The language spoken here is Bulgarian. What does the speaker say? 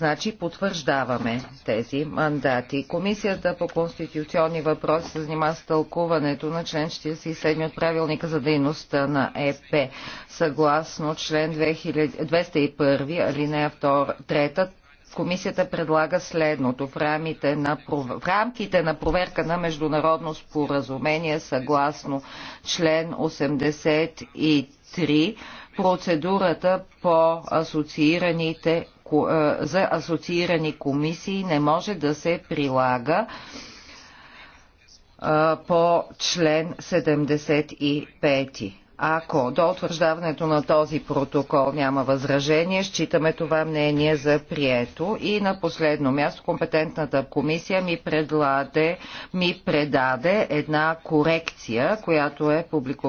Значи потвърждаваме тези мандати. Комисията по конституционни въпроси се занимава с тълкуването на член 47 от правилника за дейността на ЕП. Съгласно член 201, алинея 2, 3, Комисията предлага следното. В, рамките, на, в рамките на проверка на международно споразумение съгласно член 83 процедурата по асоциираните е, за асоциирани комисии не може да се прилага е, по член 75. Ако до утвърждаването на този протокол няма възражение, считаме това мнение за прието. И на последно място компетентната комисия ми, предладе, ми предаде една корекция, която е публикувана.